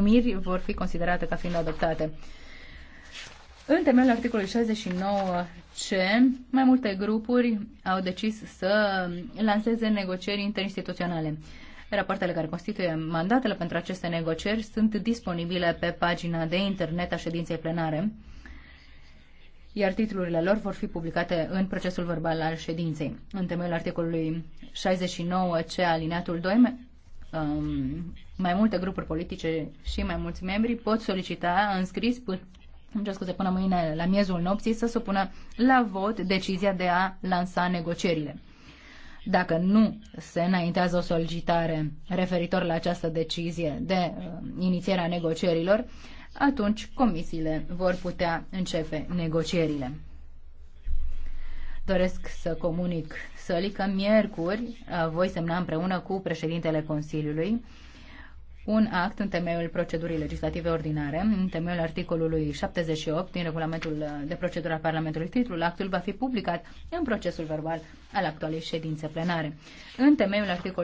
numiri vor fi considerate ca fiind adoptate. În temelul articolului 69C, mai multe grupuri au decis să lanseze negocieri interinstituționale. Rapoartele care constituie mandatele pentru aceste negocieri sunt disponibile pe pagina de internet a ședinței plenare, iar titlurile lor vor fi publicate în procesul verbal al ședinței. În temeiul articolului 69C alineatul 2, um, mai multe grupuri politice și mai mulți membri pot solicita înscris scris, cer scuze, până mâine la miezul nopții să supună la vot decizia de a lansa negocierile. Dacă nu se înaintează o solicitare referitor la această decizie de uh, inițierea negocierilor, atunci comisiile vor putea începe negocierile doresc să comunic sălii că miercuri uh, voi semna împreună cu președintele Consiliului un act în temeiul procedurii legislative ordinare, în temeiul articolului 78 din regulamentul uh, de procedură a Parlamentului. Titlul actul va fi publicat în procesul verbal al actualei ședințe plenare. În temeiul articolului